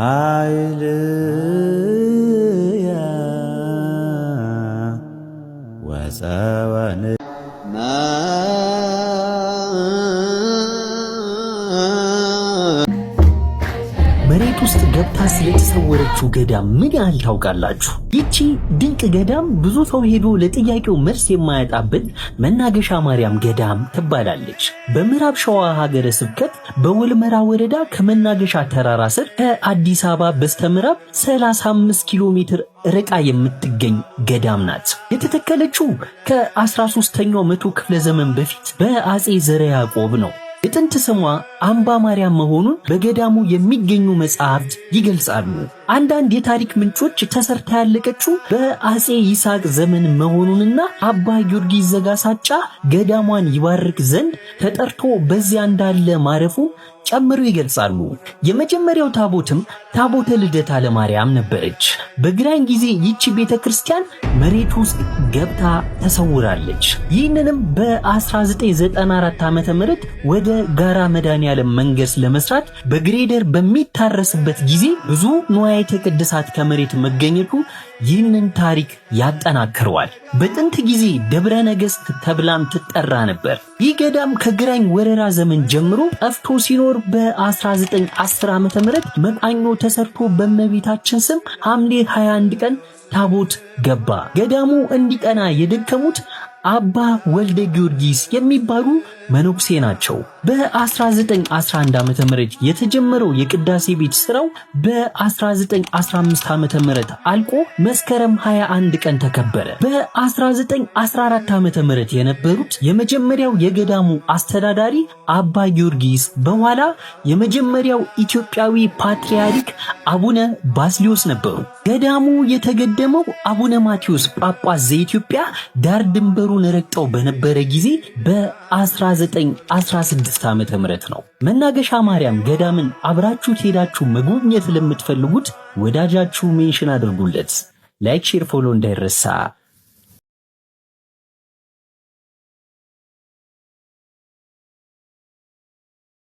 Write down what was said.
አይልያ ወፀወን መሬት ውስጥ ገብታ ስለተሰወረችው ገዳም ምን ያህል ታውቃላችሁ? ይቺ ድንቅ ገዳም ብዙ ሰው ሄዶ ለጥያቄው መልስ የማያጣበት መናገሻ ማርያም ገዳም ትባላለች። በምዕራብ ሸዋ ሀገረ ስብከት በወልመራ ወረዳ ከመናገሻ ተራራ ስር ከአዲስ አበባ በስተምዕራብ 35 ኪሎ ሜትር ርቃ የምትገኝ ገዳም ናት። የተተከለችው ከ13ኛው መቶ ክፍለ ዘመን በፊት በአጼ ዘረ ያዕቆብ ነው። የጥንት ስሟ አምባ ማርያም መሆኑን በገዳሙ የሚገኙ መጽሐፍት ይገልጻሉ። አንዳንድ የታሪክ ምንጮች ተሰርታ ያለቀችው በአጼ ይስሐቅ ዘመን መሆኑንና አባ ጊዮርጊስ ዘጋሳጫ ገዳሟን ይባርክ ዘንድ ተጠርቶ በዚያ እንዳለ ማረፉን ጨምረው ይገልጻሉ። የመጀመሪያው ታቦትም ታቦተ ልደታ ለማርያም ነበረች። በግራኝ ጊዜ ይቺ ቤተ ክርስቲያን መሬት ውስጥ ገብታ ተሰውራለች። ይህንንም በ1994 ዓ ም ወደ ጋራ መድኃኔ የዓለም መንገድ ለመስራት በግሬደር በሚታረስበት ጊዜ ብዙ ንዋያተ ቅድሳት ከመሬት መገኘቱ ይህንን ታሪክ ያጠናክረዋል። በጥንት ጊዜ ደብረ ነገሥት ተብላም ትጠራ ነበር። ይህ ገዳም ከግራኝ ወረራ ዘመን ጀምሮ ጠፍቶ ሲኖር በ1910 ዓ ም መቃኞ ተሰርቶ በእመቤታችን ስም ሐምሌ 21 ቀን ታቦት ገባ። ገዳሙ እንዲቀና የደከሙት አባ ወልደ ጊዮርጊስ የሚባሉ መነኩሴ ናቸው። በ1911 ዓ.ም የተጀመረው የቅዳሴ ቤት ስራው በ1915 ዓ.ም አልቆ መስከረም 21 ቀን ተከበረ። በ1914 ዓ.ም የነበሩት የመጀመሪያው የገዳሙ አስተዳዳሪ አባ ጊዮርጊስ በኋላ የመጀመሪያው ኢትዮጵያዊ ፓትርያርክ አቡነ ባስሊዮስ ነበሩ። ገዳሙ የተገደመው አቡነ ማቴዎስ ጳጳስ ዘኢትዮጵያ ዳር ድንበሩን ረግጠው በነበረ ጊዜ በ1916 ዓ ም ነው። መናገሻ ማርያም ገዳምን አብራችሁ ትሄዳችሁ መጎብኘት ለምትፈልጉት ወዳጃችሁ ሜንሽን አድርጉለት። ላይክ፣ ሼር፣ ፎሎ እንዳይረሳ።